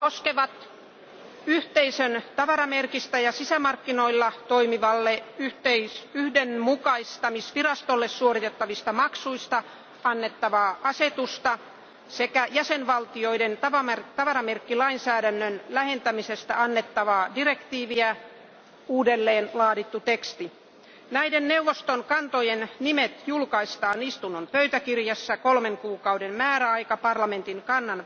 koskevat yhteisön tavaramerkistä ja sisämarkkinoilla toimivalle yhdenmukaistamisvirastolle suoritettavista maksuista annettavaa asetusta sekä jäsenvaltioiden tavaramerkkilainsäädännön lähentämisestä annettavaa direktiiviä uudelleen laadittu teksti. näiden neuvoston kantojen nimet julkaistaan istunnon pöytäkirjassa kolmen kuukauden määräaika parlamentin kannan